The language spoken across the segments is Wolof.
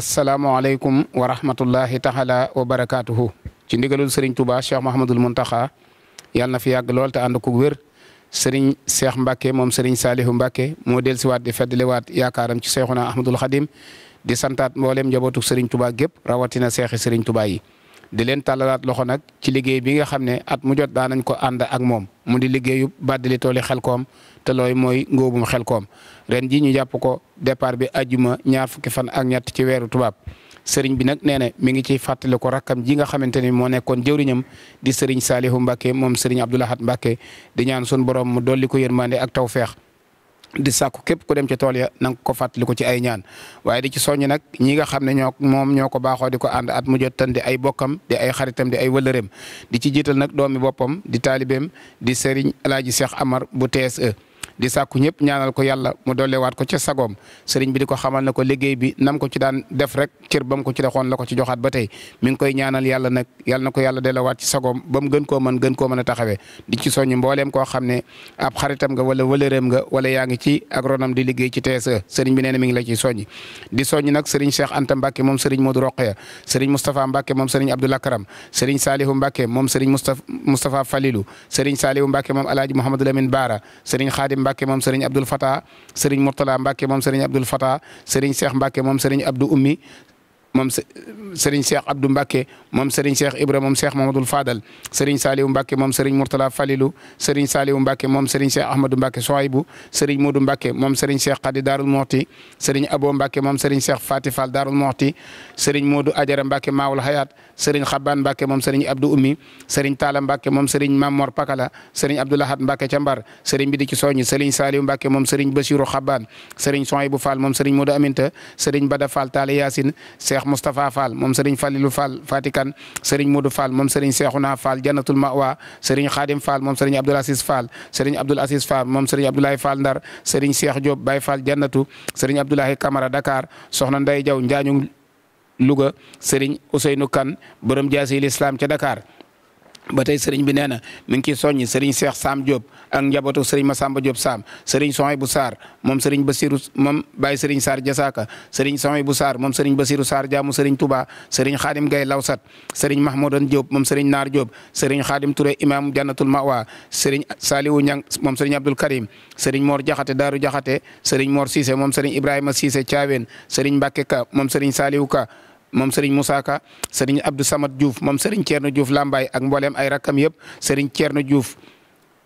asalaamualeykum wa rahmatullahi taala wa barakaatuhu ci ndigalul Serigne Touba Cheikh Mouhamadul Mountakha yàlla na fi yàgg lool te ànd ko wér Serigne seekh mbake moom Serigne Salihu Mbacke moo dellusiwaat di feddliwaat yaakaaram ci Cheikhuna Ahmadul Xadim di santaat mboolem njabootu Serigne Touba gépp rawatina seexi Serigne Touba yi. di leen tàllalaat loxo nag ci liggéey bi nga xam ne at mu jot daanañ ko ànd ak moom mu di liggéeyu xel tooli Xelkom te looy mooy ngóobum Xelkom ren ji ñu jàpp ko départ bi ajuma ñaar fukki fan ak ñett ci weeru tubaab sëriñ bi nag nee na mi ngi ciy fàttali ko rakkam ji nga xamante ni moo nekkoon jëwriñam di sëriñ Saalihu Mbàkke moom sëriñ Abdoulahat Mbàkke di ñaan sun borom mu dolli ko yërmande ak feex di sàkku képp ku dem ci tool ya na nga ko fàttali ko ci ay ñaan waaye di ci soññ nag ñi nga xam ne ñoo moom ñoo ko baaxoo di ko ànd at mu jot tan di ay bokkam di ay xaritam di ay wëlëreem di ci jiital nag doomi boppam di taalibeem di sëriñ alaaji Cheikh Amar bu TSE di sàkku ñëpp ñaanal ko yàlla mu dollewaat ko ci sagoom sëriñ bi xamal na ko liggéey bi nam ko ci daan def rek cër ba mu ko ci defoon la ko ci joxaat ba tey mi ngi koy ñaanal yàlla nag yàlla na ko ci sagoom ba gën koo mën gën koo a taxawee di ci soññ mbooleem koo xam ne ab xaritam nga wala wëlëreem nga wala yaa ngi ci agronome di liggéey ci TSE sëriñ bi nee la ciy soññ di soññ nag sëriñ Cheikh Anta Mbacke moom sëriñ Modou Roqaya sëriñ Moustapha Mbacke moom sëriñ Abdoul Akram sëriñ Salihu Mbacke moom sëriñ Moustapha Mbacke moom Serigne Abdoul Fata Serigne Mourtala Mbacke moom Serigne Abdoul Fata Serigne Cheikh Mbacke moom Serigne Abdou Ummi moom Serigne Cheikh Abdou Mbacke moom Serigne Cheikh Ibra moom Cheikh Mamadou Fadal Serigne Saliou Mbacke moom Serigne Mourtala Falilou Serigne Saliou Mbacke moom Serigne Cheikh Ahmadou Mbacke Sohaibou Serigne Modou Mbacke moom Serigne Cheikh Khady Darou Mouhty Serigne Abo Mbacke moom Serigne Cheikh Fati Fall Darou Mouhty Serigne Modou Adjara Mbacke Maawul Hayat Serigne Xaban Mbacke moom Serigne Abdou Ummi Serigne Talla Mbacke moom Serigne Mamor Pakala Serigne Abdoulahat Mbacke Cambar Serigne Bidi ci Soñi Serigne Saliou Mbacke moom Serigne Bassirou Xaban Serigne Sohaibou Fall moom Serigne Modou Aminta Serigne Bada Fall Cheikh Moustapha Fall moom Serigne Falilou Fall Fatikan Serigne Modou Fall moom Serigne Cheikhouna Fall Jannatul Mawa Serigne Khadim Fall moom Serigne Abdoul Aziz Fall Serigne Abdoul Aziz Fall moom Serigne Abdoulaye Fall Ndar Serigne Cheikh Diop Baye Fall Jannatu Serigne Abdoulaye Camara Dakar Soxna Ndeye Diaw Njaañu Louga Serigne Ousseynou Kane borom jaasi l'islam ca Dakar ba tey sëriñ bi nee na mi ngi ciy soññi sëriñ Cheikh Sam Diop ak njabootu sëriñ Massamba Diop Sam sëriñ Sohay bu Sarr moom sëriñ Basirou moom Baye sëriñ Sarr Jasaka sëriñ Sohay bu Sarr moom sëriñ Basirou Sarr jaamu sëriñ Touba sëriñ Khadim Gaye Lawsat sëriñ Mahmoudan Diop moom sëriñ Naar Diop sëriñ Khadim Touré imam Jannatul Mawa sëriñ Saliou Niang moom sëriñ Abdoul Karim sëriñ Mor Jaxate Daaru Jaxate sëriñ Mor Cissé moom sëriñ Ibrahima Cissé Thiawén sëriñ Mbacke Ka moom sëriñ Saliou Ka moom Serigne Moussa Ka Serigne Abdou Samad Diouf moom Serigne Thierno Diouf Lambaye ak mbooleem ay rakkam yëpp Serigne Thierno Diouf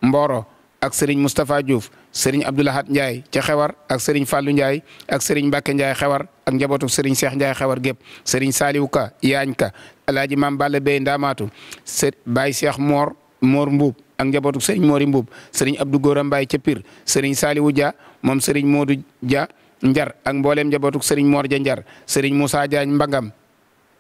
Mboro ak Serigne Moustapha Diouf Serigne Abdoulahat Ndiaye ca xewar ak Serigne Fallou Ndiaye ak Serigne Mbacke Ndiaye xewar ak njabootu Serigne Cheikh Ndiaye xewar gépp Serigne Saliou Ka Yaañ Ka Alaaji Maam Balla Bey Ndaamaatu Baye Cheikh Mor Mor Mbuub ak njabootu Serigne Mori Mbuub Serigne Abdou Gora Mbaye ca Pire Serigne Saliou Dia moom Serigne Modou Njar ak mbooleem njabootuk Serigne Mor ja Njar Serigne Moussa Diagne mbagam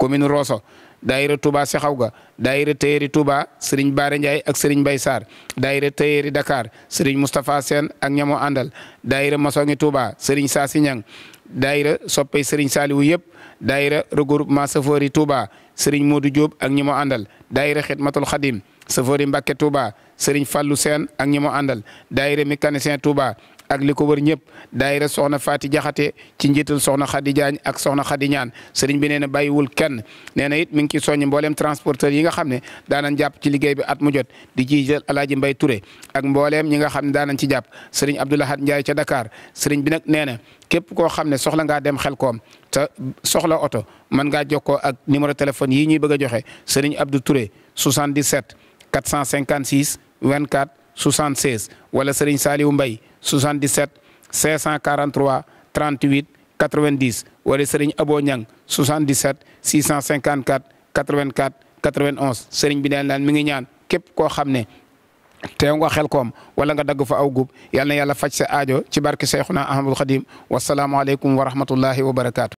commune roso daayira Touba Sexaw ga daayira Téyéri Touba Serigne Baare Ndiaye ak Serigne Mbaye Sarr daayira Téyéri Dakar Serigne Moustapha Sène ak ñamo àndal daayira Masongi Touba Serigne Saasi Ñang daayira soppey Serigne Saliou yëpp daayira regroupement Safori Touba Serigne Modou Diop ak ñi mo àndal daayira Xidmatul Xadim Safori Mbacke Touba sëriñ Fallou Seen ak ñi mu àndal daayira mécanicien Touba ak li ko wër ñëpp daayira soxna Faati Jaxate ci njiital soxna Xadi Jaañ ak soxna Xadi Ñaan sëriñ bi nee na bàyyiwul kenn nee na it mi ngi ciy soññ mbooleem transporteur yi nga xam ne daanañ jàpp ci liggéey bi at mu jot di ci jël Alaaji Mbay Ture ak mbooleem ñi nga xam ne daanañ ci jàpp sëriñ Abdoulahad Njaay ca dakaar sëriñ bi nag nee na képp koo xam ne soxla ngaa dem xel koom te soxla oto mën ngaa jokkoo ak numéro téléphone yi ñuy bëgg a joxe sëriñ Abdou Touré 77 456 24 76 wala Serigne Saliou mbay 77 543 38 90 wala Serigne Abo Niang 77 654 84 91 Serigne bi neen naan mi ngi ñaan képp koo xam ne teew nga xel koom wala nga dagg fa aw gub yal na yàlla faj sa aajo ci barke Seyxuna Ahmadul Xadim wasalaamualeykum wa rahmatullahi wa barakaatu.